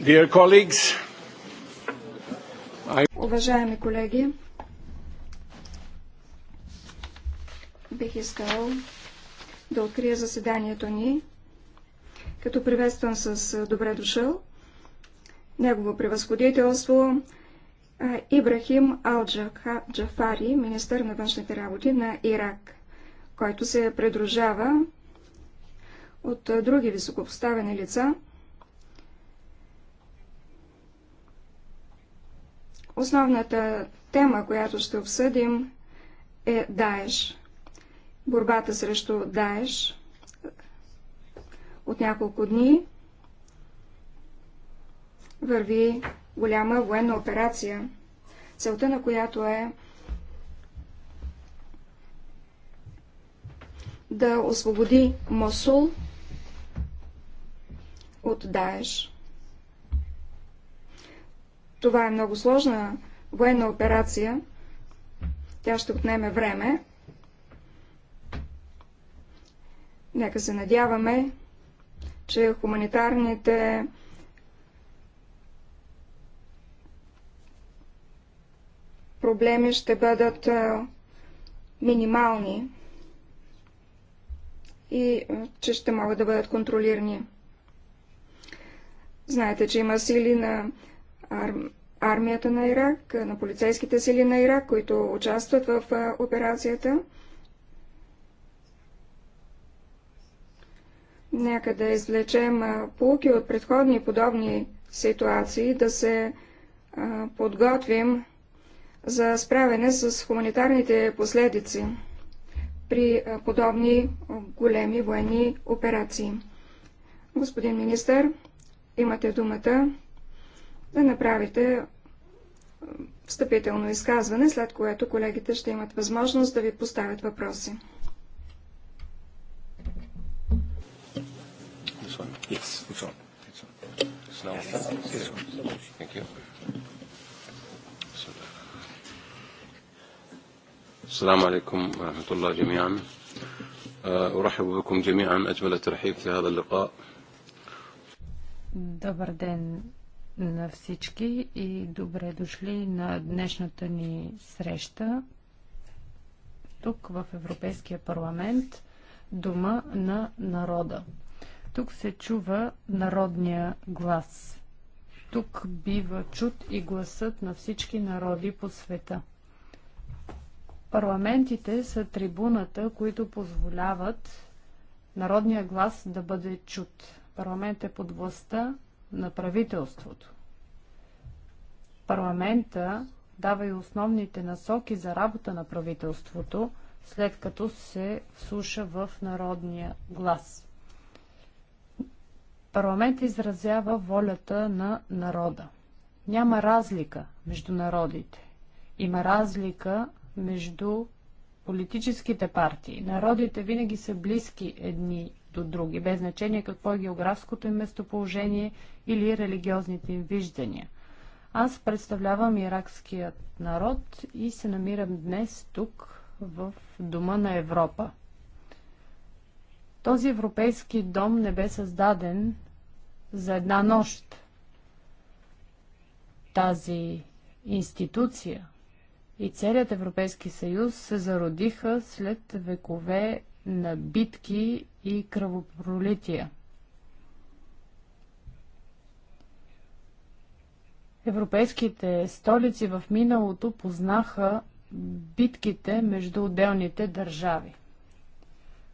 I... Уважаеми колеги, бих искал да открия заседанието ни, като приветствам с добре дошъл негово превъзходителство Ибрахим Алджафари, джафари министър на външните работи на Ирак, който се предружава от други високопоставени лица – Основната тема, която ще обсъдим е Даеш. Борбата срещу Даеш от няколко дни върви голяма военна операция, целта на която е да освободи Мосул от Даеш. Това е много сложна военна операция. Тя ще отнеме време. Нека се надяваме, че хуманитарните проблеми ще бъдат минимални и че ще могат да бъдат контролирани. Знаете, че има сили на армията на Ирак, на полицейските сили на Ирак, които участват в операцията. Нека да извлечем полки от предходни подобни ситуации, да се подготвим за справяне с хуманитарните последици при подобни големи военни операции. Господин министър, имате думата да направите е, встъпително изказване, след което колегите ще имат възможност да ви поставят въпроси. السلام عليكم ورحمة الله جميعا أرحب بكم جميعا أجمل الترحيب في هذا اللقاء دبر دين на всички и добре дошли на днешната ни среща тук в Европейския парламент, Дома на народа. Тук се чува народния глас. Тук бива чут и гласът на всички народи по света. Парламентите са трибуната, които позволяват народния глас да бъде чут. Парламент е под властта на правителството. Парламента дава и основните насоки за работа на правителството, след като се вслуша в народния глас. Парламент изразява волята на народа. Няма разлика между народите. Има разлика между политическите партии. Народите винаги са близки едни като други, без значение какво е географското им местоположение или религиозните им виждания. Аз представлявам иракският народ и се намирам днес тук в Дома на Европа. Този европейски дом не бе създаден за една нощ. Тази институция и целият Европейски съюз се зародиха след векове на битки и кръвопролития. Европейските столици в миналото познаха битките между отделните държави.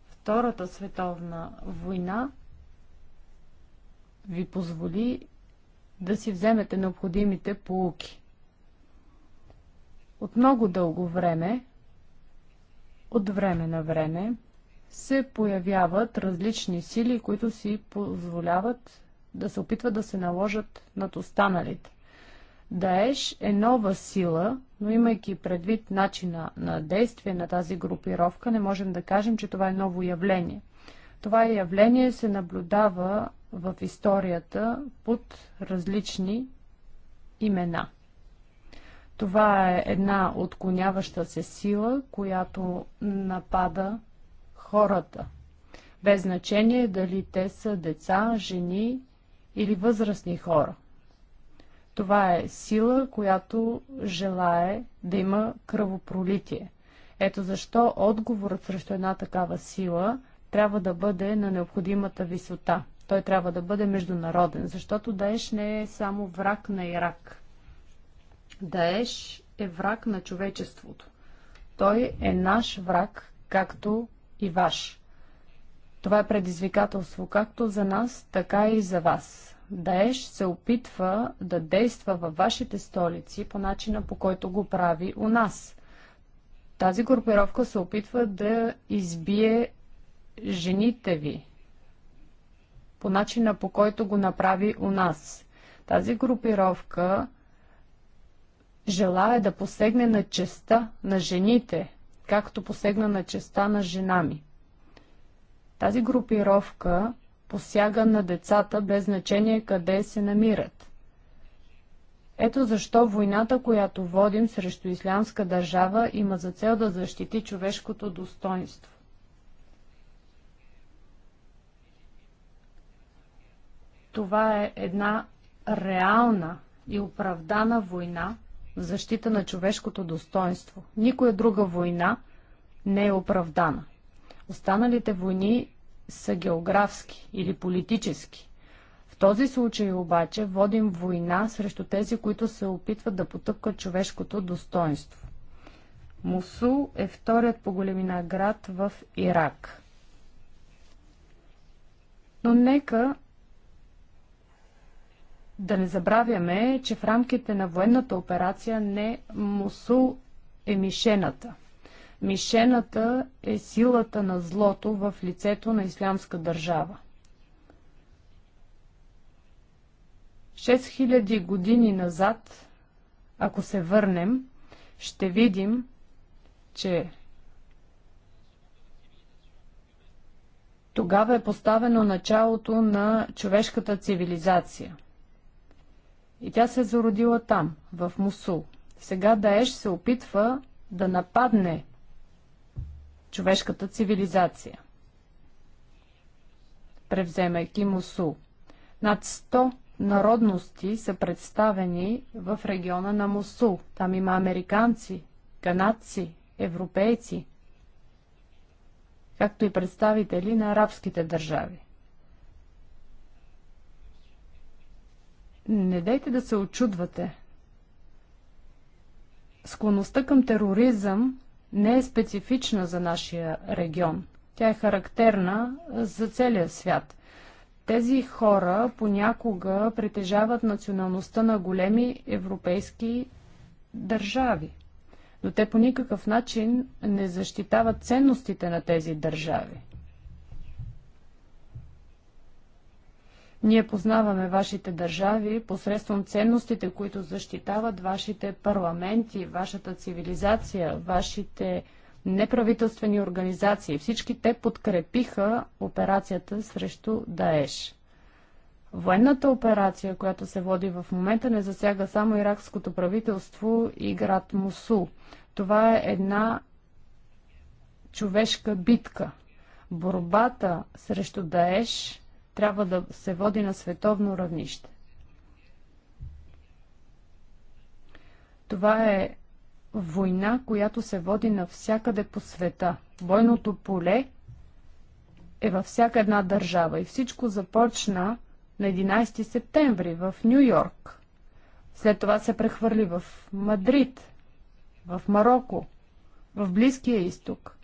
Втората световна война ви позволи да си вземете необходимите полуки. От много дълго време, от време на време, се появяват различни сили, които си позволяват да се опитват да се наложат над останалите. Даеш е нова сила, но имайки предвид начина на действие на тази групировка, не можем да кажем, че това е ново явление. Това явление се наблюдава в историята под различни имена. Това е една отклоняваща се сила, която напада хората, без значение дали те са деца, жени или възрастни хора. Това е сила, която желае да има кръвопролитие. Ето защо отговорът срещу една такава сила трябва да бъде на необходимата висота. Той трябва да бъде международен, защото Даеш не е само враг на Ирак. Даеш е враг на човечеството. Той е наш враг, както и ваш. Това е предизвикателство както за нас, така и за вас. Даеш се опитва да действа във вашите столици по начина по който го прави у нас. Тази групировка се опитва да избие жените ви по начина по който го направи у нас. Тази групировка желая да посегне на честа на жените, както посегна на честа на жена ми. Тази групировка посяга на децата без значение къде се намират. Ето защо войната, която водим срещу Ислямска държава, има за цел да защити човешкото достоинство. Това е една реална и оправдана война, в защита на човешкото достоинство. Никоя друга война не е оправдана. Останалите войни са географски или политически. В този случай обаче водим война срещу тези, които се опитват да потъпкат човешкото достоинство. Мусул е вторият по големина град в Ирак. Но нека да не забравяме, че в рамките на военната операция не Мусул е мишената. Мишената е силата на злото в лицето на ислямска държава. 6000 години назад, ако се върнем, ще видим, че тогава е поставено началото на човешката цивилизация – и тя се е зародила там, в Мусул. Сега Даеш се опитва да нападне човешката цивилизация, превземайки Мусул. Над 100 народности са представени в региона на Мусул. Там има американци, канадци, европейци, както и представители на арабските държави. Не дайте да се очудвате. Склонността към тероризъм не е специфична за нашия регион. Тя е характерна за целия свят. Тези хора понякога притежават националността на големи европейски държави, но те по никакъв начин не защитават ценностите на тези държави. Ние познаваме вашите държави посредством ценностите, които защитават вашите парламенти, вашата цивилизация, вашите неправителствени организации. Всички те подкрепиха операцията срещу Даеш. Военната операция, която се води в момента, не засяга само иракското правителство и град Мусул. Това е една човешка битка. Борбата срещу Даеш трябва да се води на световно равнище. Това е война, която се води навсякъде по света. Бойното поле е във всяка една държава и всичко започна на 11 септември в Нью Йорк. След това се прехвърли в Мадрид, в Марокко, в Близкия изток.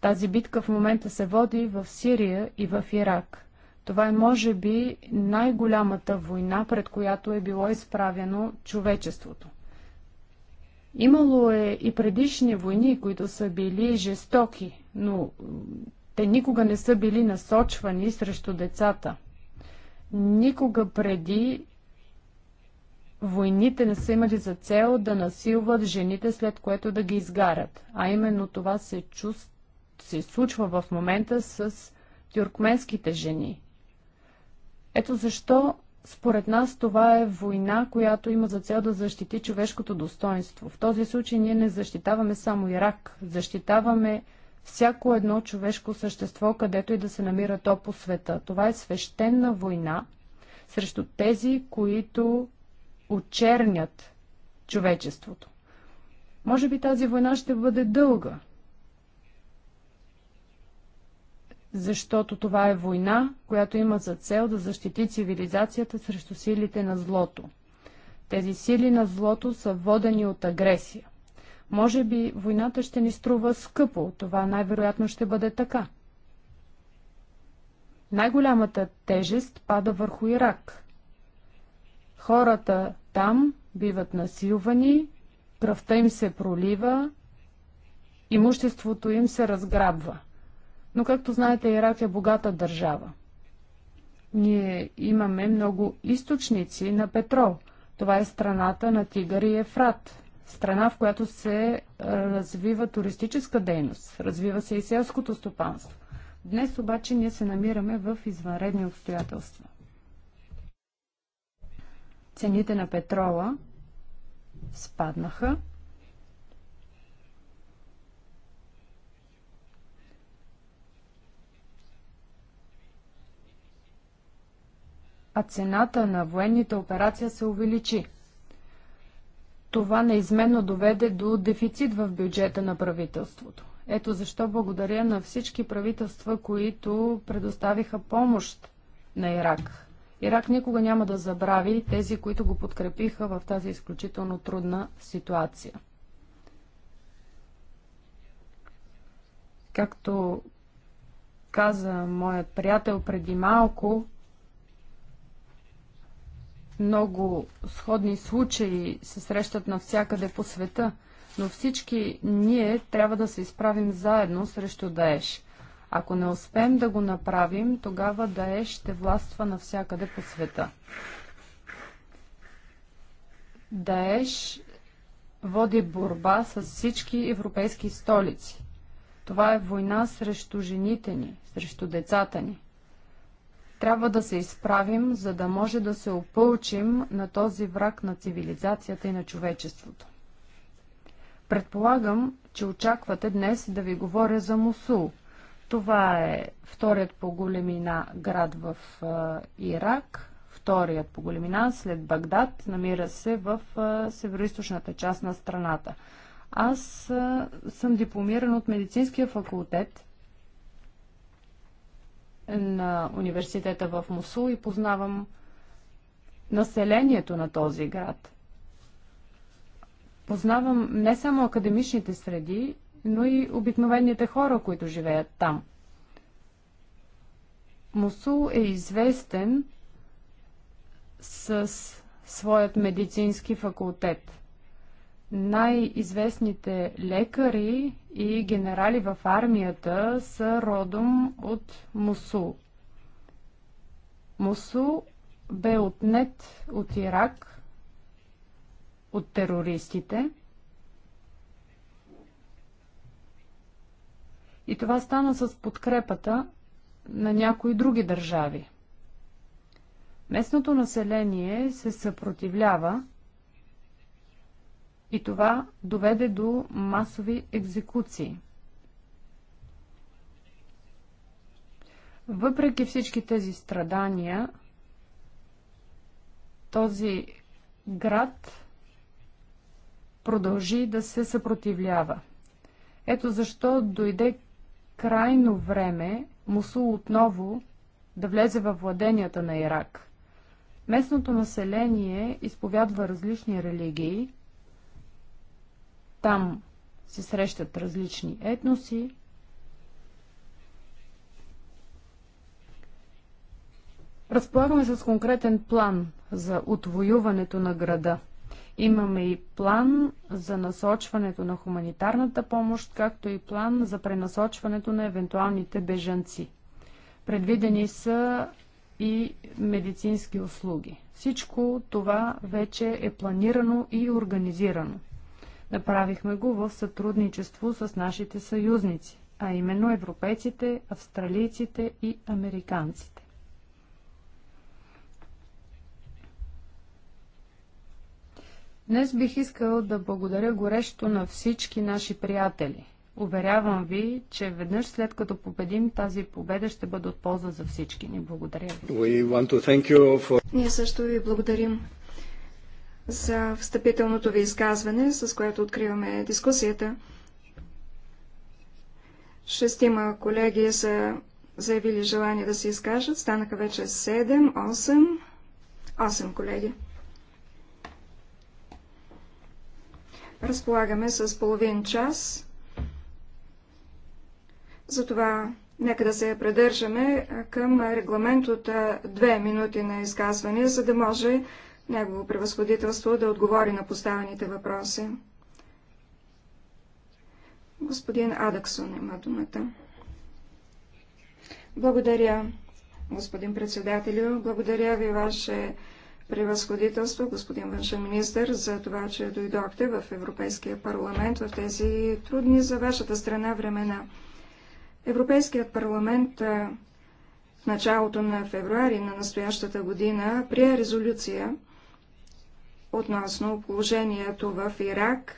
Тази битка в момента се води в Сирия и в Ирак. Това е, може би, най-голямата война, пред която е било изправено човечеството. Имало е и предишни войни, които са били жестоки, но те никога не са били насочвани срещу децата. Никога преди войните не са имали за цел да насилват жените, след което да ги изгарят. А именно това се, чувств... се случва в момента с тюркменските жени. Ето защо според нас това е война, която има за цел да защити човешкото достоинство. В този случай ние не защитаваме само Ирак, защитаваме всяко едно човешко същество, където и да се намира то по света. Това е свещена война срещу тези, които очернят човечеството. Може би тази война ще бъде дълга, защото това е война, която има за цел да защити цивилизацията срещу силите на злото. Тези сили на злото са водени от агресия. Може би войната ще ни струва скъпо, това най-вероятно ще бъде така. Най-голямата тежест пада върху Ирак. Хората там биват насилвани, кръвта им се пролива, имуществото им се разграбва. Но както знаете, Ирак е богата държава. Ние имаме много източници на петрол. Това е страната на Тигър и Ефрат. Страна, в която се развива туристическа дейност, развива се и селското стопанство. Днес обаче ние се намираме в извънредни обстоятелства. Цените на петрола спаднаха а цената на военните операции се увеличи. Това неизменно доведе до дефицит в бюджета на правителството. Ето защо благодаря на всички правителства, които предоставиха помощ на Ирак. Ирак никога няма да забрави тези, които го подкрепиха в тази изключително трудна ситуация. Както каза моят приятел преди малко, много сходни случаи се срещат навсякъде по света, но всички ние трябва да се изправим заедно срещу Даеш. Ако не успеем да го направим, тогава Даеш ще властва навсякъде по света. Даеш води борба с всички европейски столици. Това е война срещу жените ни, срещу децата ни. Трябва да се изправим, за да може да се опълчим на този враг на цивилизацията и на човечеството. Предполагам, че очаквате днес да ви говоря за Мусул. Това е вторият по големина град в Ирак, вторият по големина след Багдад, намира се в североизточната част на страната. Аз съм дипломиран от медицинския факултет на университета в Мусул и познавам населението на този град. Познавам не само академичните среди, но и обикновените хора, които живеят там. Мусул е известен с своят медицински факултет – най-известните лекари и генерали в армията са родом от Мусул. Мусул бе отнет от Ирак от терористите. И това стана с подкрепата на някои други държави. Местното население се съпротивлява и това доведе до масови екзекуции. Въпреки всички тези страдания, този град продължи да се съпротивлява. Ето защо дойде крайно време Мусул отново да влезе във владенията на Ирак. Местното население изповядва различни религии, там се срещат различни етноси. Разполагаме с конкретен план за отвоюването на града. Имаме и план за насочването на хуманитарната помощ, както и план за пренасочването на евентуалните бежанци. Предвидени са и медицински услуги. Всичко това вече е планирано и организирано. Направихме го в сътрудничество с нашите съюзници, а именно европейците, австралийците и американците. Днес бих искал да благодаря горещо на всички наши приятели. Уверявам ви, че веднъж след като победим, тази победа ще бъде от полза за всички ни. Благодаря ви. For... Ние също ви благодарим за встъпителното ви изказване, с което откриваме дискусията. Шестима колеги са заявили желание да се изкажат. Станаха вече 7, 8, 8 колеги. Разполагаме с половин час. Затова нека да се придържаме към регламент от 2 минути на изказване, за да може Негово превъзходителство да отговори на поставените въпроси. Господин Адаксон има думата. Благодаря, господин председателю. Благодаря ви, ваше превъзходителство, господин външен министр, за това, че дойдохте в Европейския парламент в тези трудни за вашата страна времена. Европейският парламент в началото на февруари на настоящата година прие резолюция, относно положението в Ирак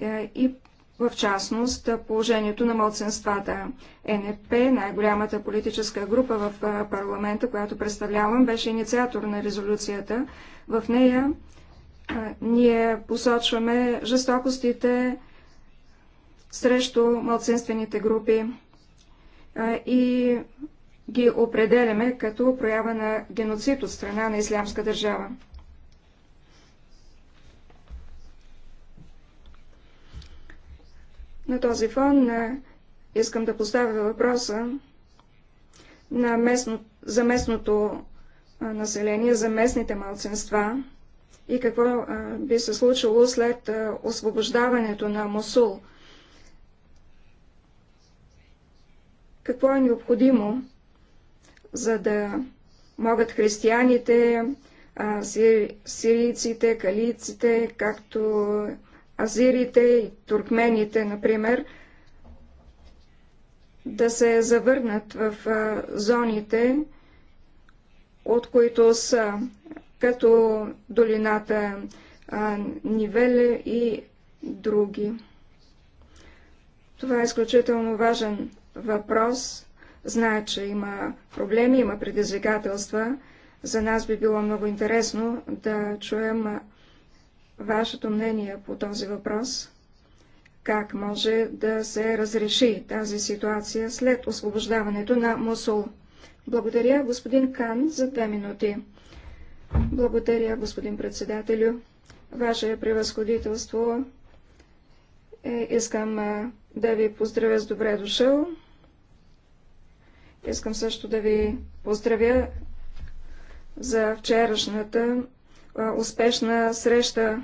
е, и в частност положението на младсенствата. НП, най-голямата политическа група в е, парламента, която представлявам, беше инициатор на резолюцията. В нея е, ние посочваме жестокостите срещу младсенствените групи и ги определяме като проява на геноцид от страна на Ислямска държава. На този фон искам да поставя въпроса на местно, за местното население, за местните малцинства и какво би се случило след освобождаването на Мусул. Какво е необходимо, за да могат християните, сирийците, калийците, както азирите и туркмените, например, да се завърнат в зоните, от които са като долината Нивеле и други. Това е изключително важен въпрос. Знае, че има проблеми, има предизвикателства. За нас би било много интересно да чуем вашето мнение по този въпрос. Как може да се разреши тази ситуация след освобождаването на Мусул? Благодаря, господин Кан, за две минути. Благодаря, господин председателю. Ваше превъзходителство, е, искам да ви поздравя с добре дошъл. Искам също да ви поздравя за вчерашната успешна среща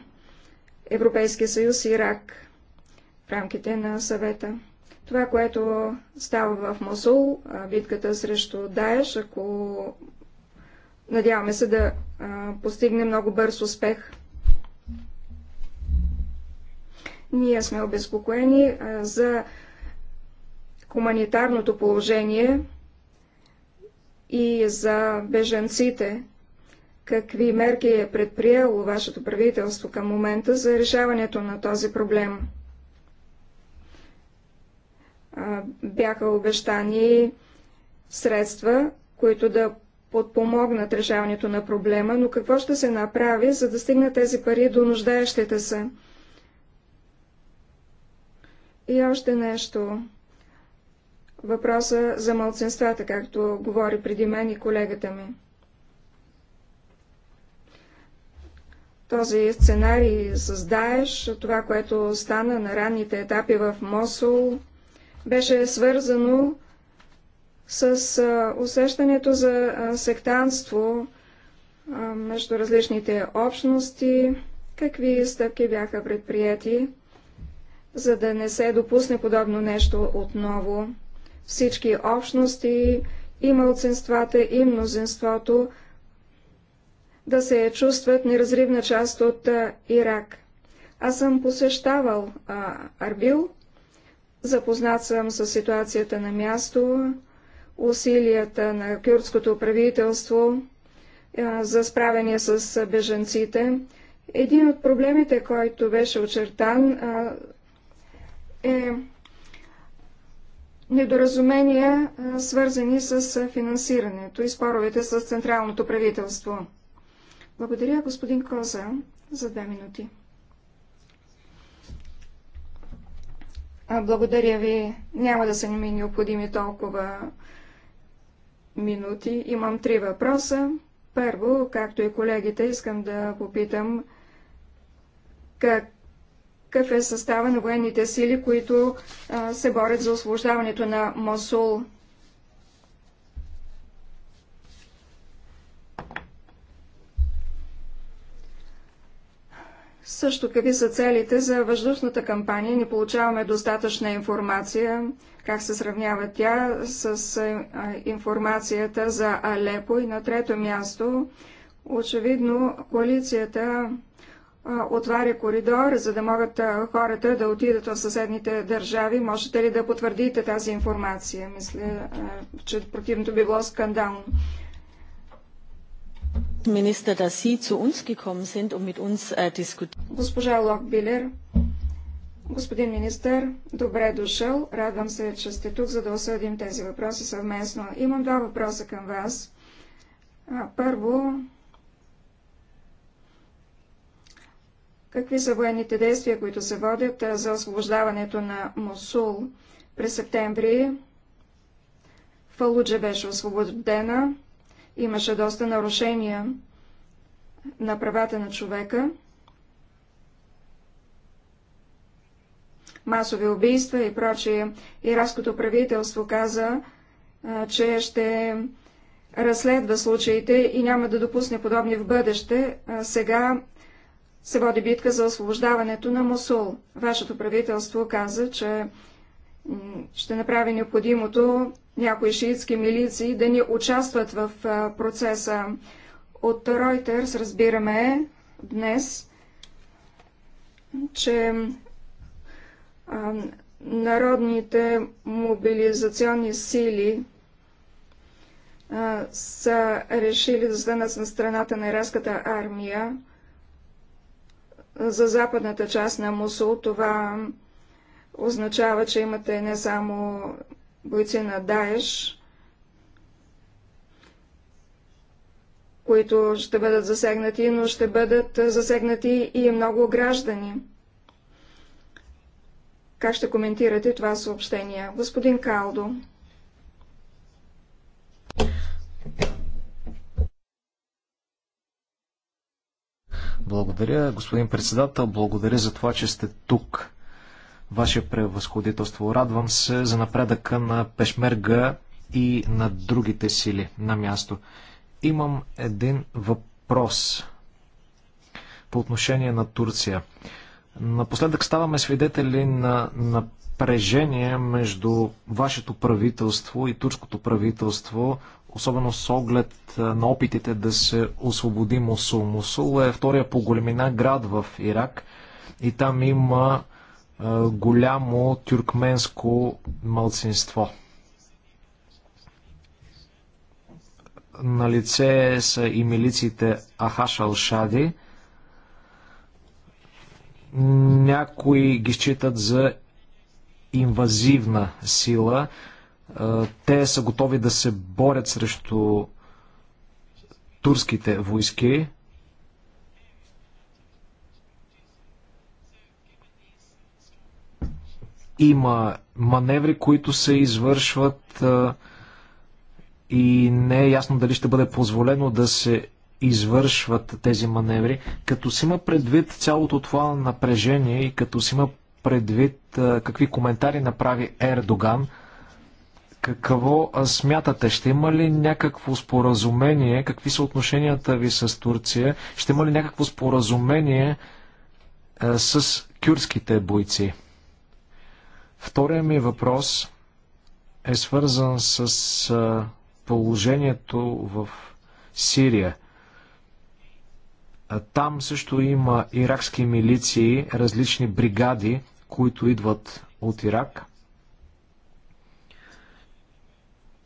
Европейския съюз и Ирак в рамките на съвета. Това, което става в Мосул, битката срещу Даеш, ако надяваме се да постигне много бърз успех. Ние сме обезпокоени за хуманитарното положение и за беженците, какви мерки е предприело вашето правителство към момента за решаването на този проблем. Бяха обещани средства, които да подпомогнат решаването на проблема, но какво ще се направи, за да стигнат тези пари до нуждаещите се? И още нещо. Въпроса за мълцинствата, както говори преди мен и колегата ми. Този сценарий с Даеш, това, което стана на ранните етапи в Мосул, беше свързано с усещането за сектанство между различните общности, какви стъпки бяха предприяти, за да не се допусне подобно нещо отново. Всички общности, и мълцинствата, и мнозинството да се чувстват неразривна част от а, Ирак. Аз съм посещавал а, Арбил, запознат съм с ситуацията на място, усилията на кюрдското правителство а, за справяне с беженците. Един от проблемите, който беше очертан, е недоразумения, свързани с финансирането и споровете с централното правителство. Благодаря, господин Коза, за две минути. Благодаря ви. Няма да са ми необходими толкова минути. Имам три въпроса. Първо, както и колегите, искам да попитам какъв е състава на военните сили, които а, се борят за освобождаването на Мосул. Също какви са целите за въздушната кампания? Не получаваме достатъчна информация. Как се сравнява тя с информацията за Алепо? И на трето място, очевидно, коалицията отваря коридор, за да могат хората да отидат в съседните държави. Можете ли да потвърдите тази информация? Мисля, че противното би било скандално. Госпожа да Билер, zu uns gekommen sind, um mit uns äh, Госпожа Локбилер, господин министър, добре дошъл. Радвам се, че сте тук, за да осъдим тези въпроси съвместно. Имам два въпроса към вас. Първо, Какви са военните действия, които се водят за освобождаването на Мусул? През септември Фалуджа беше освободена. Имаше доста нарушения на правата на човека. масови убийства и прочие. Иракското правителство каза, че ще разследва случаите и няма да допусне подобни в бъдеще. Сега се води битка за освобождаването на Мусул. Вашето правителство каза, че ще направи необходимото някои шиитски милиции да ни участват в процеса. От Reuters разбираме днес, че народните мобилизационни сили са решили да станат на страната на иракската армия за западната част на Мусул. Това означава, че имате не само бойци на Даеш, които ще бъдат засегнати, но ще бъдат засегнати и много граждани. Как ще коментирате това съобщение? Господин Калдо. Благодаря, господин председател. Благодаря за това, че сте тук. Ваше превъзходителство. Радвам се за напредъка на Пешмерга и на другите сили на място. Имам един въпрос по отношение на Турция. Напоследък ставаме свидетели на напрежение между вашето правителство и турското правителство, особено с оглед на опитите да се освободи Мусул. Мусул е втория по големина град в Ирак и там има голямо тюркменско мълцинство. На лице са и милициите Ахаш Алшади. Някои ги считат за инвазивна сила. Те са готови да се борят срещу турските войски. Има маневри, които се извършват и не е ясно дали ще бъде позволено да се извършват тези маневри. Като си има предвид цялото това напрежение и като си има предвид какви коментари направи Ердоган, какво смятате? Ще има ли някакво споразумение? Какви са отношенията ви с Турция? Ще има ли някакво споразумение с кюрските бойци? Втория ми въпрос е свързан с положението в Сирия. Там също има иракски милиции, различни бригади, които идват от Ирак.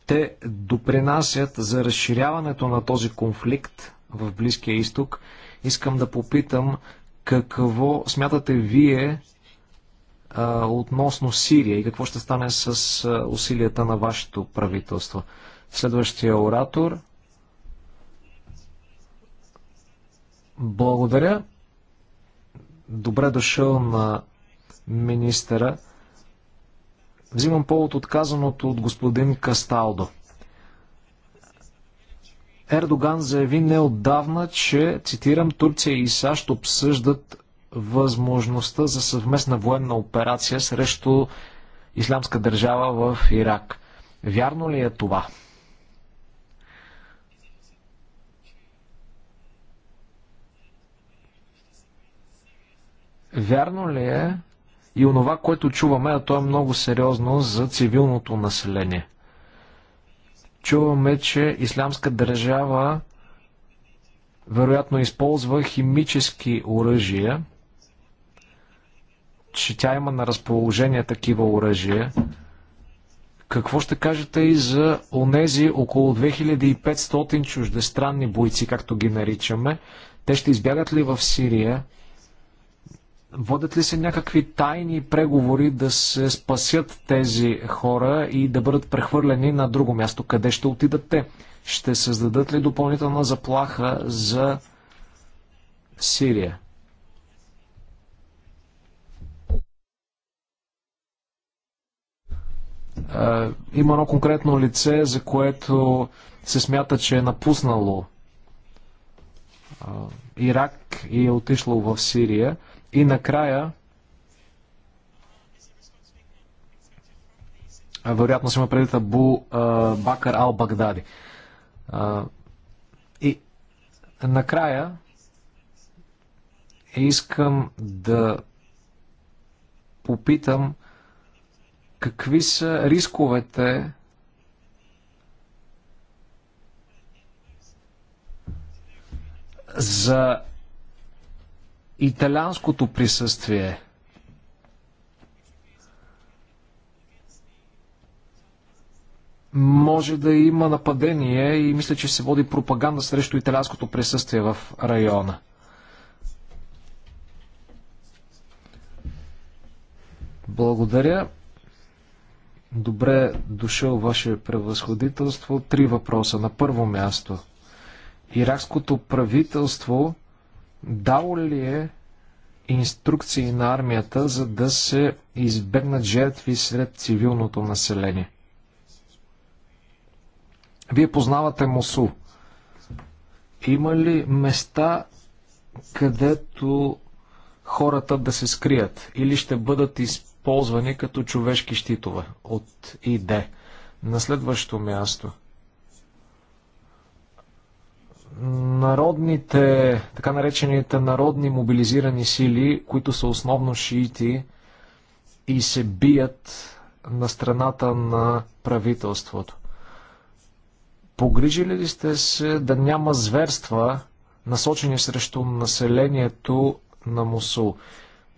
Те допринасят за разширяването на този конфликт в Близкия изток. Искам да попитам какво смятате вие а, относно Сирия и какво ще стане с а, усилията на вашето правителство. Следващия оратор. Благодаря. Добре дошъл на министъра. Взимам повод от казаното от господин Касталдо. Ердоган заяви неотдавна, че, цитирам, Турция и САЩ обсъждат възможността за съвместна военна операция срещу Ислямска държава в Ирак. Вярно ли е това? Вярно ли е и онова, което чуваме, а то е много сериозно за цивилното население? Чуваме, че Ислямска държава вероятно използва химически оръжия че тя има на разположение такива оръжия. Какво ще кажете и за онези около 2500 чуждестранни бойци, както ги наричаме? Те ще избягат ли в Сирия? Водят ли се някакви тайни преговори да се спасят тези хора и да бъдат прехвърлени на друго място? Къде ще отидат те? Ще създадат ли допълнителна заплаха за Сирия? има едно конкретно лице, за което се смята, че е напуснало Ирак и е отишло в Сирия. И накрая, вероятно се има предвид Абу Бакар Ал Багдади. И накрая искам да попитам Какви са рисковете за италианското присъствие? може да има нападение и мисля, че се води пропаганда срещу италянското присъствие в района. Благодаря. Добре дошъл, Ваше превъзходителство. Три въпроса. На първо място. Иракското правителство дало ли е инструкции на армията, за да се избегнат жертви сред цивилното население? Вие познавате Мусул. Има ли места, където хората да се скрият или ще бъдат изпълнени? ползвани като човешки щитове от ИД. На следващо място. Народните, така наречените народни мобилизирани сили, които са основно шиити и се бият на страната на правителството. Погрижили ли сте се да няма зверства, насочени срещу населението на Мусул?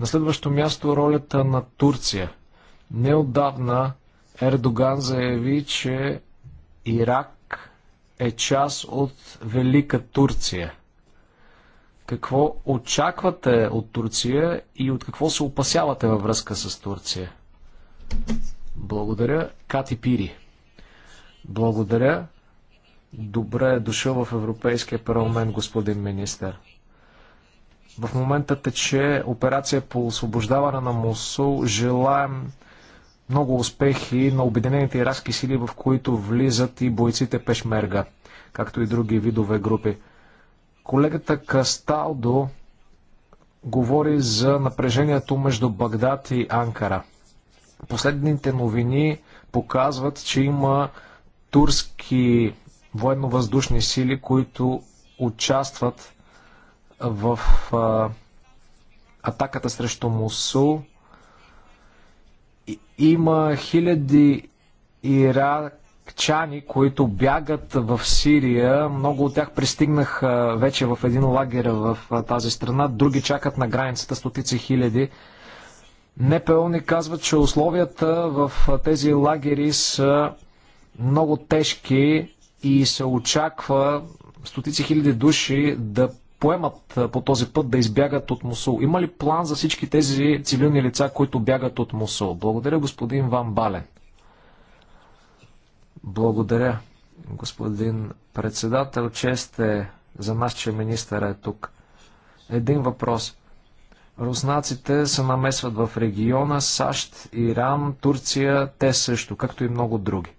На следващо място ролята на Турция. Неодавна Ердоган заяви, че Ирак е част от Велика Турция. Какво очаквате от Турция и от какво се опасявате във връзка с Турция? Благодаря. Кати Пири. Благодаря. Добре е дошъл в Европейския парламент, господин министър. В момента тече операция по освобождаване на Мусул. Желаем много успехи на Обединените иракски сили, в които влизат и бойците Пешмерга, както и други видове групи. Колегата Касталдо говори за напрежението между Багдад и Анкара. Последните новини показват, че има турски военно-въздушни сили, които участват в а, атаката срещу Мусул. Има хиляди иракчани, които бягат в Сирия. Много от тях пристигнаха вече в един лагер в тази страна. Други чакат на границата стотици хиляди. НПО ни казва, че условията в тези лагери са много тежки и се очаква стотици хиляди души да поемат по този път да избягат от Мусул? Има ли план за всички тези цивилни лица, които бягат от Мусул? Благодаря, господин Ван Бален. Благодаря, господин председател. Чест е за нас, че министъра е тук. Един въпрос. Руснаците се намесват в региона, САЩ, Иран, Турция, те също, както и много други.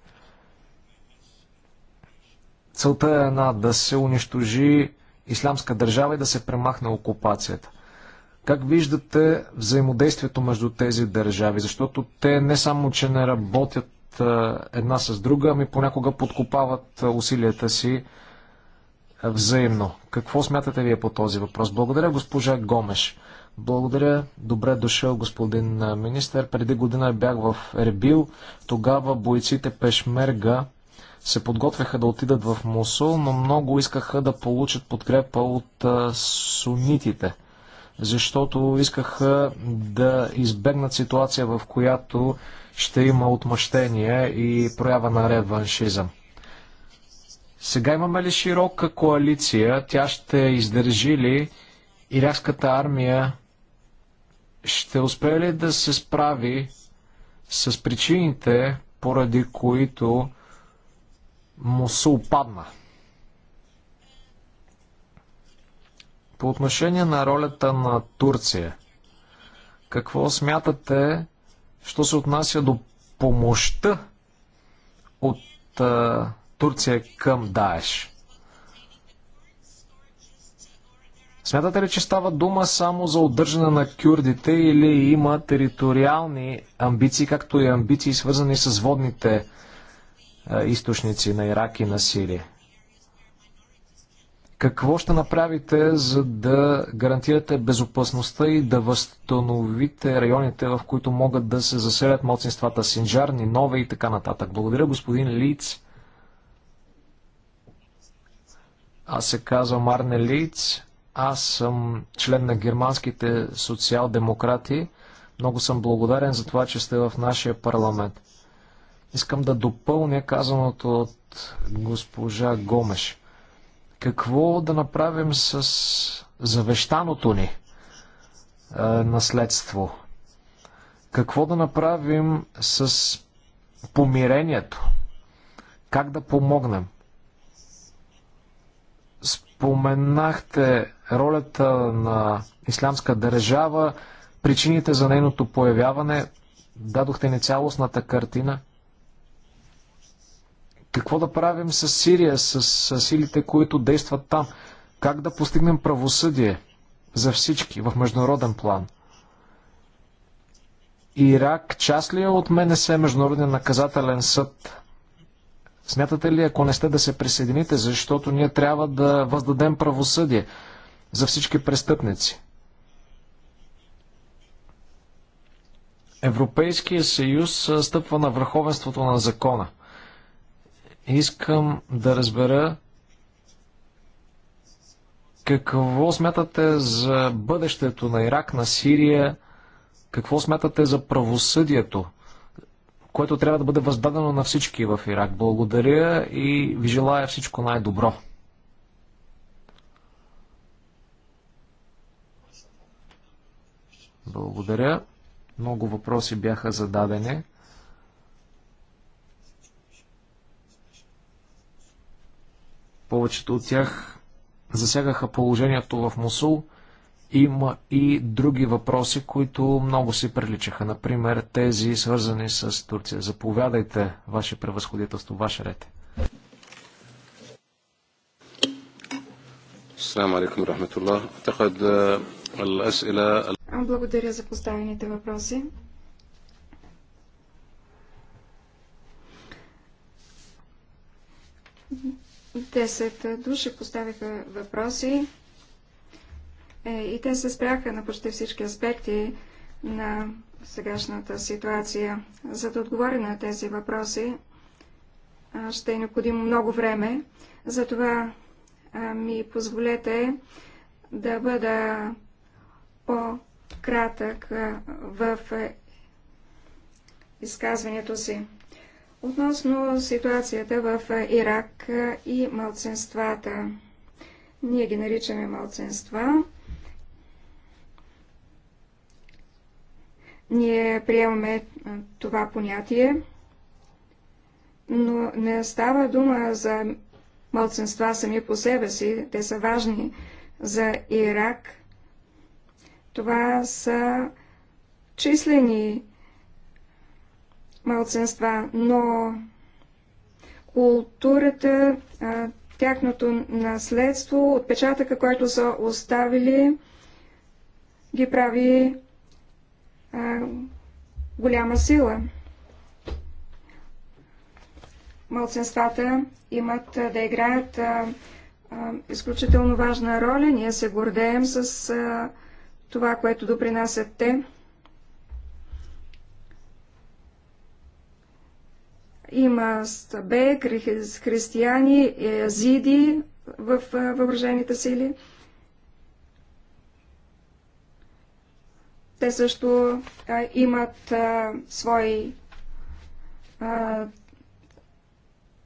Целта е една да се унищожи ислямска държава и да се премахне окупацията. Как виждате взаимодействието между тези държави? Защото те не само, че не работят една с друга, ами понякога подкопават усилията си взаимно. Какво смятате вие по този въпрос? Благодаря, госпожа Гомеш. Благодаря. Добре дошъл, господин министър. Преди година бях в Ербил. Тогава бойците Пешмерга се подготвяха да отидат в Мусул, но много искаха да получат подкрепа от сунитите, защото искаха да избегнат ситуация, в която ще има отмъщение и проява на реваншизъм. Сега имаме ли широка коалиция? Тя ще издържи ли иракската армия? Ще успее ли да се справи с причините, поради които Мусул падна. По отношение на ролята на Турция, какво смятате, що се отнася до помощта от а, Турция към Даеш? Смятате ли, че става дума само за удържане на кюрдите или има териториални амбиции, както и амбиции свързани с водните източници на Ирак и на Сирия. Какво ще направите, за да гарантирате безопасността и да възстановите районите, в които могат да се заселят младсинствата Синджар, Нове и така нататък? Благодаря, господин Лиц. Аз се казвам Арне Лиц. Аз съм член на германските социал-демократи. Много съм благодарен за това, че сте в нашия парламент. Искам да допълня казаното от госпожа Гомеш. Какво да направим с завещаното ни е, наследство? Какво да направим с помирението? Как да помогнем? Споменахте ролята на ислямска държава, причините за нейното появяване, дадохте ни цялостната картина – какво да правим с Сирия, с, с силите, които действат там? Как да постигнем правосъдие за всички в международен план? Ирак част ли е от се Международен наказателен съд? Смятате ли, ако не сте да се присъедините, защото ние трябва да въздадем правосъдие за всички престъпници? Европейския съюз стъпва на върховенството на закона – Искам да разбера какво смятате за бъдещето на Ирак, на Сирия, какво смятате за правосъдието, което трябва да бъде въздадено на всички в Ирак. Благодаря и ви желая всичко най-добро. Благодаря. Много въпроси бяха зададени. Повечето от тях засягаха положението в Мусул. Има и други въпроси, които много си приличаха. Например, тези свързани с Турция. Заповядайте, Ваше превъзходителство, Ваше рете. Благодаря за поставените въпроси. Десет души поставиха въпроси е, и те се спряха на почти всички аспекти на сегашната ситуация. За да отговоря на тези въпроси, ще е необходимо много време. Затова ми позволете да бъда по-кратък в е, изказването си. Относно ситуацията в Ирак и малцинствата. Ние ги наричаме малцинства. Ние приемаме това понятие, но не става дума за малцинства сами по себе си. Те са важни за Ирак. Това са числени малцинства, но културата, тяхното наследство, отпечатъка, който са оставили, ги прави а, голяма сила. Малцинствата имат а, да играят а, а, изключително важна роля. Ние се гордеем с а, това, което допринасят те. Има стабе, християни, езиди в въоръжените сили. Те също а, имат а, свои а,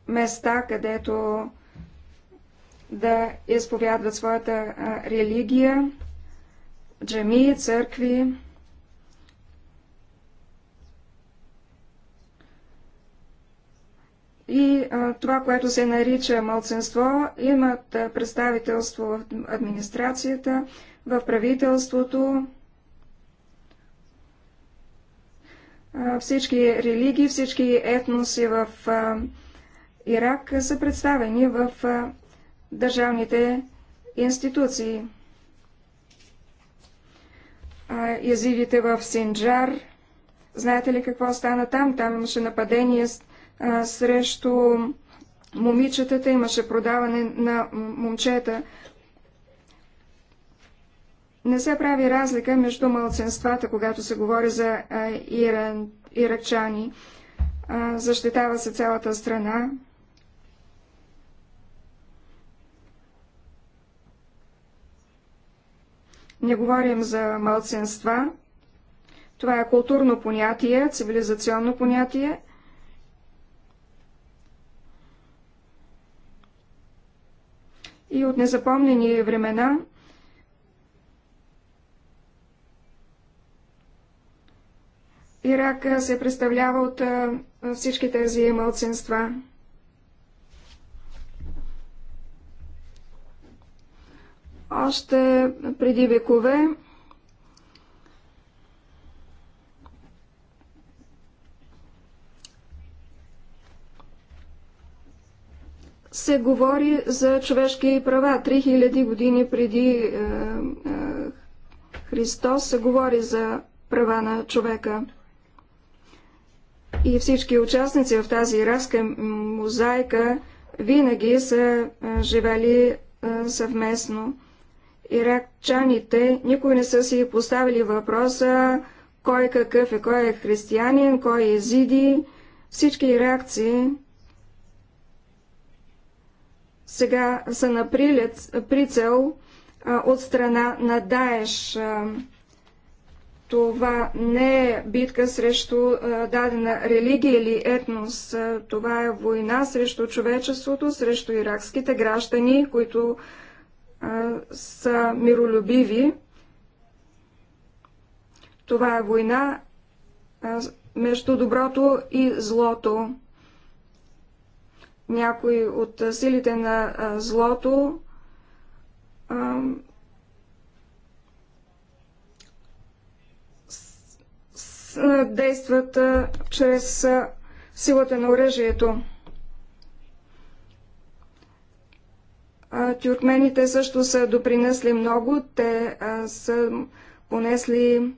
места, където да изповядват своята а, религия, джами, църкви. и а, това, което се нарича мълценство, имат а, представителство в администрацията, в правителството, а, всички религии, всички етноси в а, Ирак са представени в а, държавните институции. А, в Синджар, знаете ли какво стана там? Там имаше нападение а, срещу момичетата, имаше продаване на момчета. Не се прави разлика между мълценствата, когато се говори за а, иран, иракчани. А, защитава се цялата страна. Не говорим за мълценства. Това е културно понятие, цивилизационно понятие и от незапомнени времена. Ирак се представлява от всички тези мълценства. Още преди векове се говори за човешки права. 3000 години преди е, е, Христос се говори за права на човека. И всички участници в тази иракска мозайка винаги са е, живели съвместно. Иракчаните никой не са си поставили въпроса кой какъв е, кой е християнин, кой е езиди. Всички иракци сега са на прилец, прицел а, от страна на Даеш. А, това не е битка срещу а, дадена религия или етнос. А, това е война срещу човечеството, срещу иракските граждани, които а, са миролюбиви. Това е война а, между доброто и злото някои от силите на злото действат чрез силата на оръжието. Тюркмените също са допринесли много. Те са понесли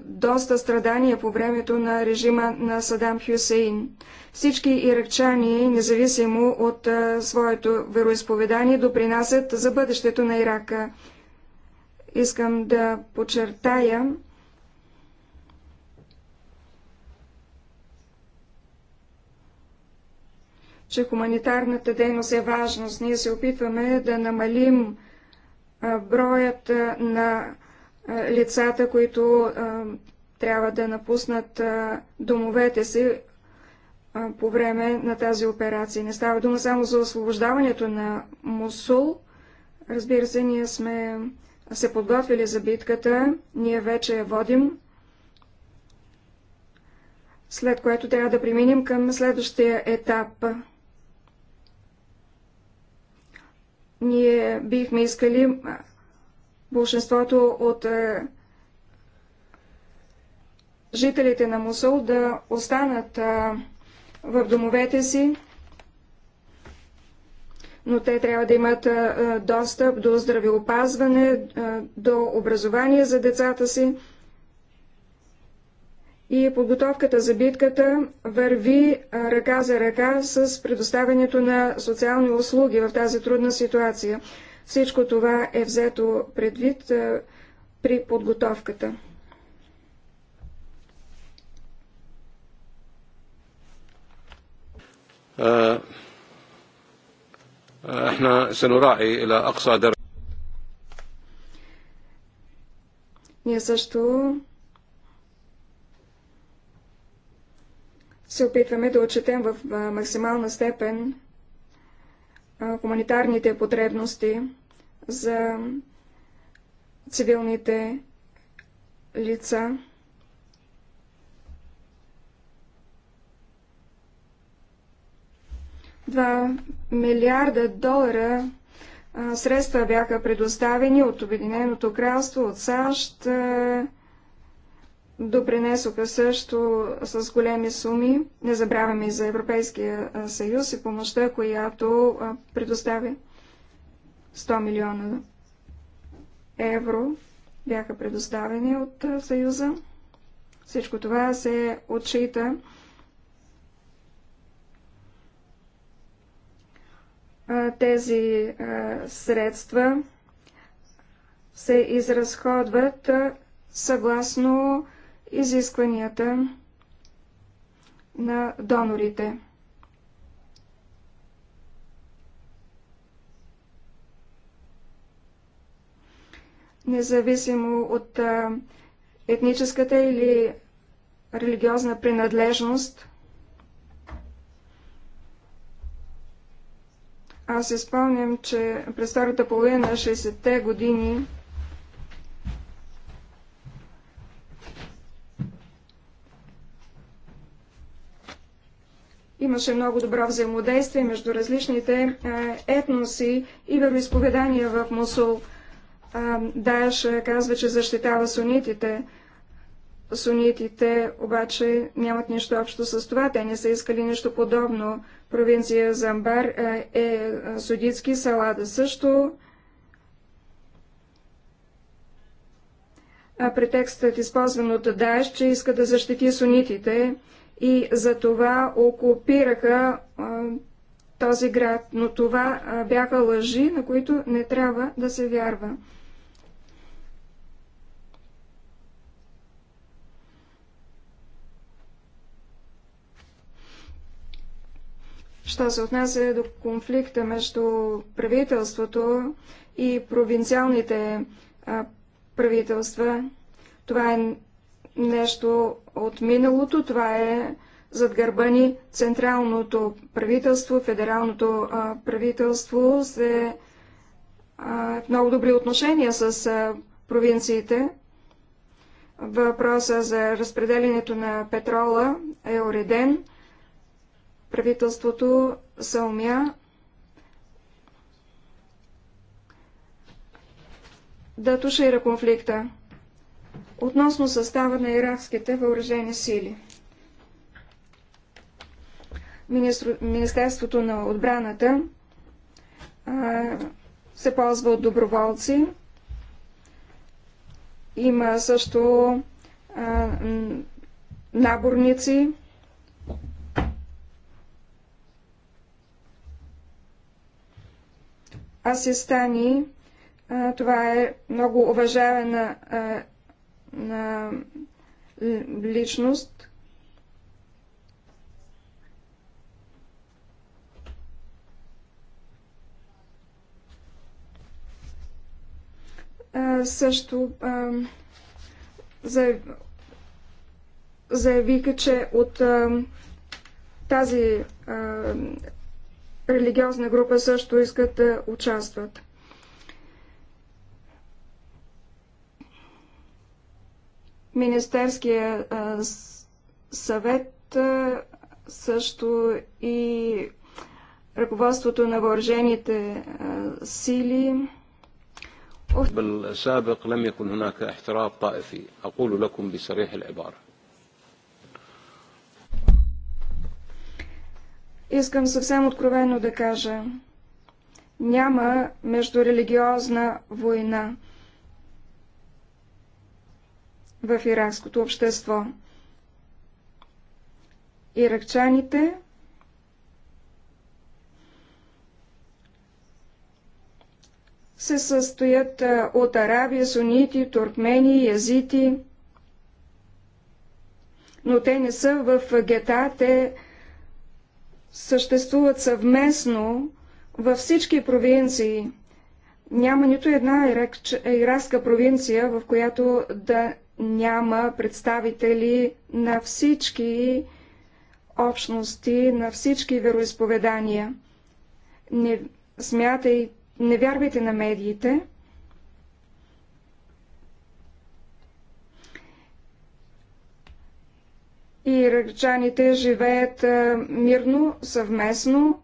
доста страдания по времето на режима на Садам Хюсейн. Всички иракчани, независимо от своето вероисповедание, допринасят за бъдещето на Ирака. Искам да подчертая, че хуманитарната дейност е важност. Ние се опитваме да намалим броят на лицата, които трябва да напуснат домовете си по време на тази операция. Не става дума само за освобождаването на Мусул. Разбира се, ние сме се подготвили за битката, ние вече я водим, след което трябва да преминем към следващия етап. Ние бихме искали Болшинството от е, жителите на Мусул да останат е, в домовете си, но те трябва да имат е, достъп до здравеопазване, до образование за децата си. И подготовката за битката върви ръка за ръка с предоставянето на социални услуги в тази трудна ситуация. Всичко това е взето предвид при подготовката. Ние също се опитваме да отчетем в максимална степен хуманитарните потребности за цивилните лица. Два милиарда долара средства бяха предоставени от Обединеното кралство, от САЩ, допринесоха също с големи суми. Не забравяме и за Европейския съюз и помощта, която предоставя 100 милиона евро бяха предоставени от Съюза. Всичко това се отчита. Тези средства се изразходват съгласно изискванията на донорите. Независимо от етническата или религиозна принадлежност, аз изпълням, че през втората половина на 60-те години Имаше много добро взаимодействие между различните е, етноси и вероисповедания в Мусул. Даеш е, казва, че защитава сунитите. Сунитите обаче нямат нищо общо с това. Те не са искали нищо подобно. Провинция Замбар е, е судитски, Салада също. А претекстът, използван от Даеш, че иска да защити сунитите, и за това окупираха а, този град. Но това а, бяха лъжи, на които не трябва да се вярва. Що се отнася до конфликта между правителството и провинциалните а, правителства, това е нещо от миналото. Това е зад гърба ни централното правителство, федералното а, правителство се а, е в много добри отношения с а, провинциите. Въпроса за разпределението на петрола е уреден. Правителството съумя да тушира конфликта относно състава на иракските въоръжени сили. Министерството на отбраната се ползва от доброволци. Има също наборници. Асистани. Това е много уважавана на личност. Също заявиха, че от тази религиозна група също искат да участват. Министерския съвет също и ръководството на въоръжените сили. بالسابق لم يكن هناك طائفي أقول لكم بصريح العبارة Искам съвсем откровено да кажа, няма междурелигиозна война в иранското общество. Иракчаните се състоят от Арабия, сунити, туркмени, язити, но те не са в гета, те съществуват съвместно във всички провинции. Няма нито една иракска провинция, в която да няма представители на всички общности, на всички вероисповедания. Не смятай, не вярвайте на медиите. И иракчаните живеят мирно, съвместно.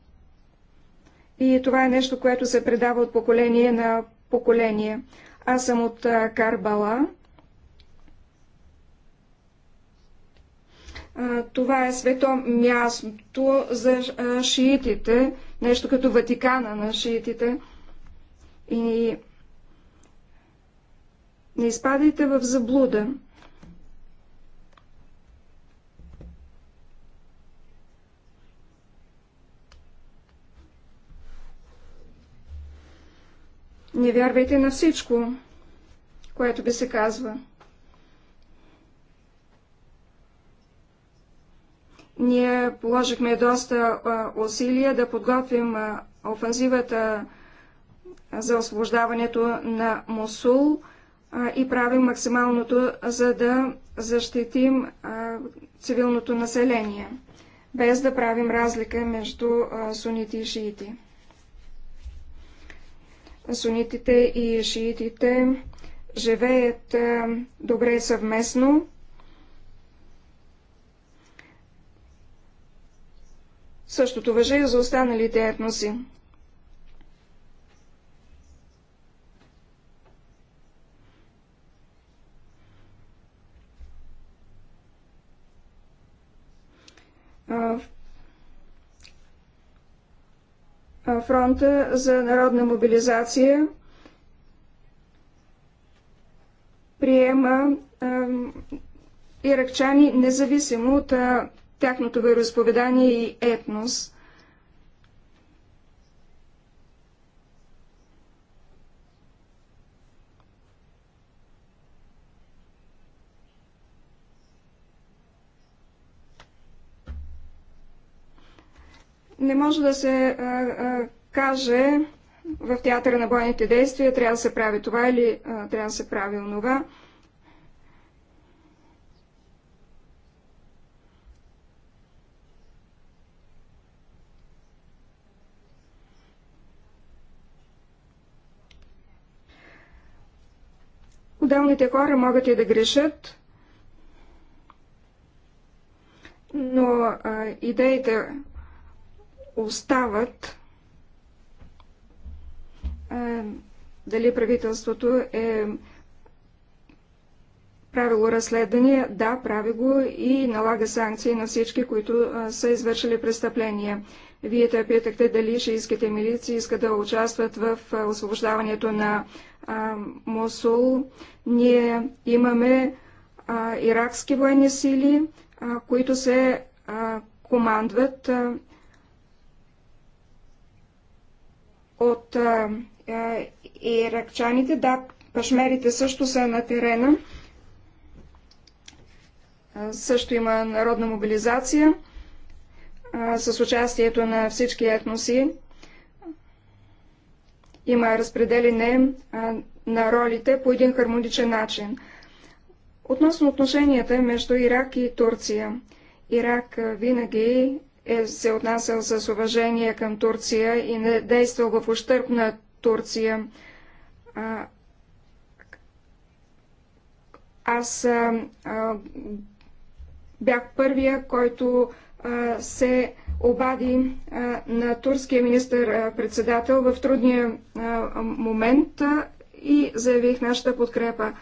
И това е нещо, което се предава от поколение на поколение. Аз съм от Карбала. това е свето място за шиитите, нещо като Ватикана на шиитите. И не изпадайте в заблуда. Не вярвайте на всичко, което ви се казва. Ние положихме доста усилия да подготвим офанзивата за освобождаването на Мусул и правим максималното, за да защитим цивилното население, без да правим разлика между сунити и шиити. Сунитите и шиитите живеят добре съвместно Същото въже и за останалите етноси. фронта за народна мобилизация приема иракчани независимо от тяхното вероисповедание и етнос. Не може да се а, а, каже в театъра на бойните действия трябва да се прави това или а, трябва да се прави онова. Отделните хора могат и да грешат, но а, идеите остават. А, дали правителството е правило разследване, да, прави го и налага санкции на всички, които а, са извършили престъпления. Вие те питахте дали шиитските милиции искат да участват в а, освобождаването на а, Мусул. Ние имаме а, иракски военни сили, а, които се а, командват а, от а, иракчаните. Да, пашмерите също са на терена също има народна мобилизация с участието на всички етноси. Има а, на ролите по един хармоничен начин. Относно отношенията между Ирак и Турция. Ирак винаги е се отнасял с уважение към Турция и не действал в ущърп на Турция. аз а, Бях първия, който а, се обади а, на турския министър-председател в трудния а, момент и заявих нашата подкрепа.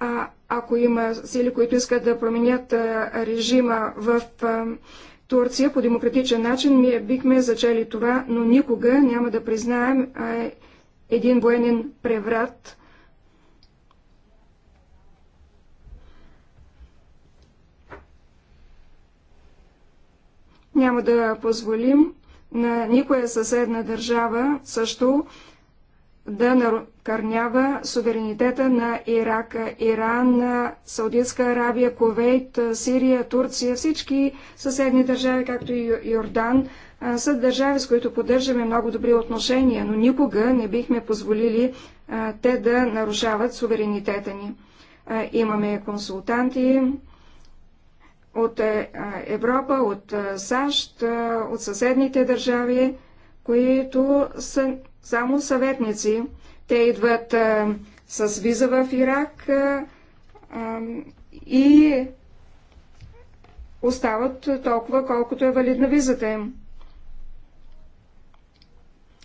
А, ако има сили, които искат да променят а, режима в а, Турция по демократичен начин, ние бихме зачели това, но никога няма да признаем а, един военен преврат Няма да позволим на никоя съседна държава също да накърнява суверенитета на Ирак, Иран, Саудитска Арабия, Ковейт, Сирия, Турция, всички съседни държави, както и Йордан, са държави, с които поддържаме много добри отношения, но никога не бихме позволили те да нарушават суверенитета ни. Имаме консултанти, от е, Европа, от САЩ, от съседните държави, които са само съветници. Те идват а, с виза в Ирак а, а, и остават толкова, колкото е валидна визата им.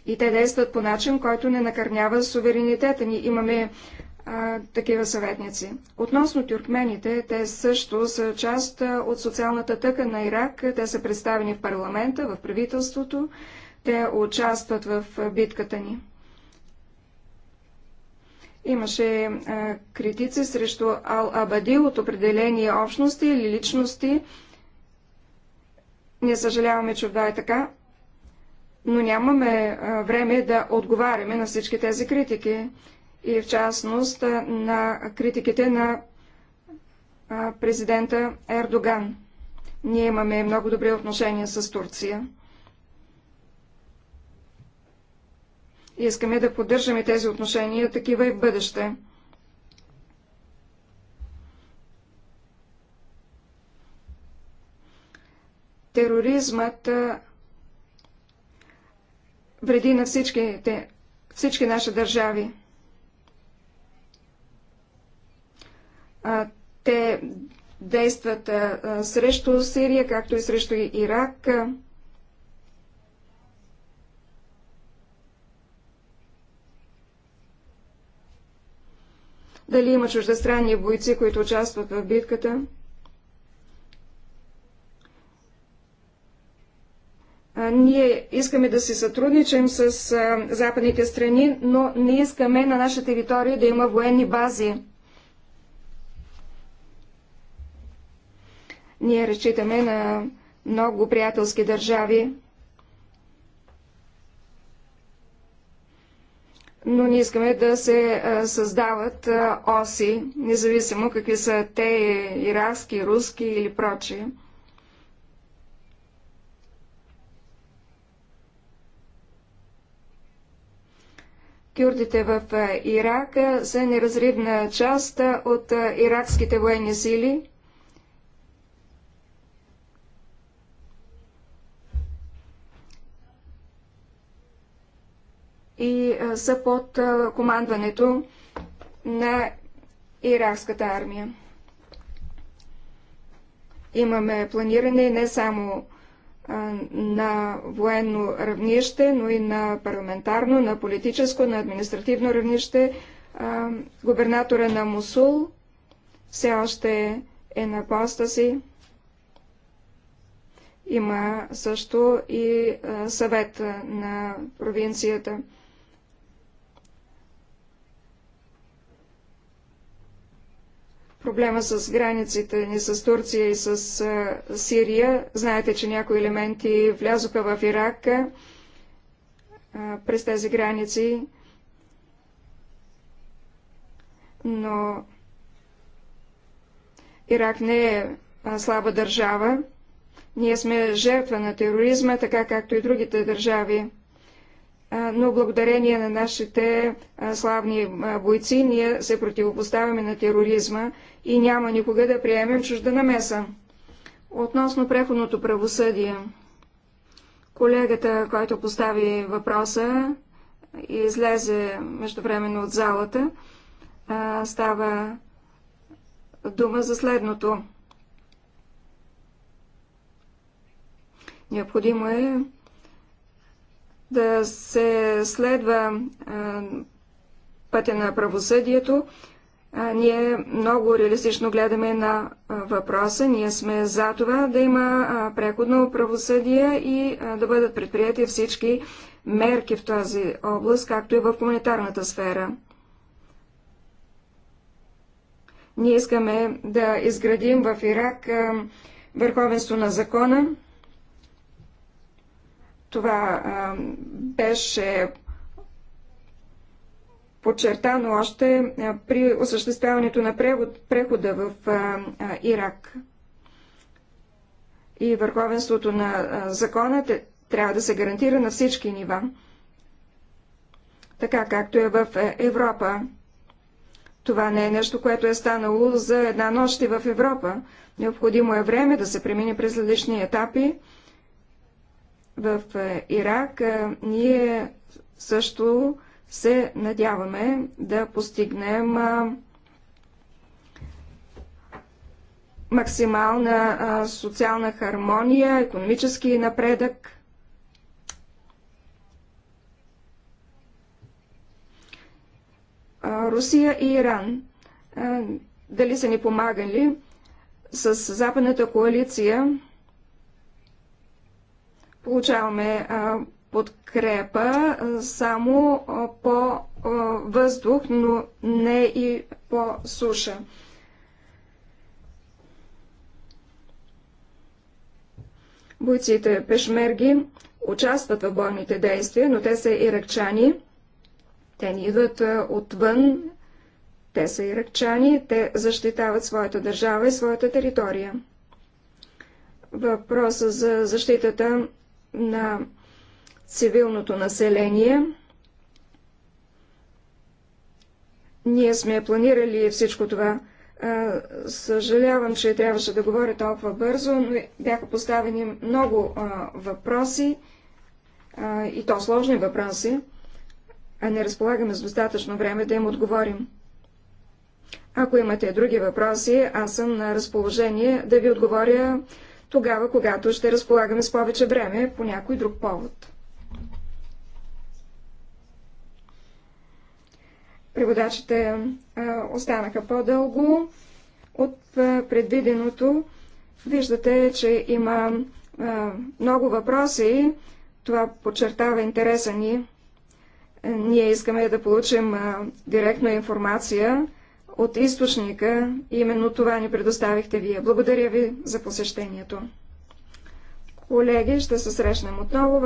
И те действат по начин, който не накърнява суверенитета ни. Имаме а, такива съветници. Относно тюркмените, те също са част от социалната тъка на Ирак. Те са представени в парламента, в правителството. Те участват в битката ни. Имаше а, критици срещу Ал-Абади от определени общности или личности. Не съжаляваме, че това е така, но нямаме а, време да отговаряме на всички тези критики и в частност на критиките на президента Ердоган. Ние имаме много добри отношения с Турция. И искаме да поддържаме тези отношения такива и в бъдеще. Тероризмът вреди на всичките, всички наши държави. те действат срещу Сирия, както и срещу Ирак. Дали има чуждестранни бойци, които участват в битката? ние искаме да си сътрудничим с западните страни, но не искаме на наша територия да има военни бази. Ние разчитаме на много приятелски държави, но не искаме да се създават оси, независимо какви са те иракски, руски или прочие. Кюрдите в Ирак са неразривна част от иракските военни сили. и са под командването на иракската армия. Имаме планиране не само на военно равнище, но и на парламентарно, на политическо, на административно равнище. Губернатора на Мусул все още е на поста си. Има също и съвет на провинцията. проблема с границите ни с Турция и с Сирия. Знаете, че някои елементи влязоха в Ирак през тези граници, но Ирак не е слаба държава. Ние сме жертва на тероризма, така както и другите държави но благодарение на нашите славни бойци ние се противопоставяме на тероризма и няма никога да приемем чужда намеса. Относно преходното правосъдие, колегата, който постави въпроса и излезе междувременно от залата, става дума за следното. Необходимо е да се следва пътя на правосъдието. Ние много реалистично гледаме на въпроса. Ние сме за това да има преходно правосъдие и да бъдат предприяти всички мерки в тази област, както и в хуманитарната сфера. Ние искаме да изградим в Ирак върховенство на закона, това а, беше подчертано още при осъществяването на превод, прехода в а, Ирак. И върховенството на закона трябва да се гарантира на всички нива, така както е в Европа. Това не е нещо, което е станало за една нощ и в Европа. Необходимо е време да се премине през различни етапи в е, Ирак е, ние също се надяваме да постигнем е, максимална социална хармония, економически напредък. Русия и Иран дали са ни помагали с Западната коалиция получаваме подкрепа само по въздух, но не и по суша. Бойците пешмерги участват в бойните действия, но те са иракчани. Те ни идват отвън. Те са иракчани. Те защитават своята държава и своята територия. Въпросът за защитата на цивилното население. Ние сме планирали всичко това. Съжалявам, че трябваше да говоря толкова бързо, но бяха поставени много въпроси и то сложни въпроси, а не разполагаме с достатъчно време да им отговорим. Ако имате други въпроси, аз съм на разположение да ви отговоря тогава, когато ще разполагаме с повече време по някой друг повод. Преводачите останаха по-дълго от предвиденото. Виждате, че има много въпроси. Това подчертава интереса ни. Ние искаме да получим директна информация от източника и именно това ни предоставихте вие. Благодаря ви за посещението. Колеги, ще се срещнем отново.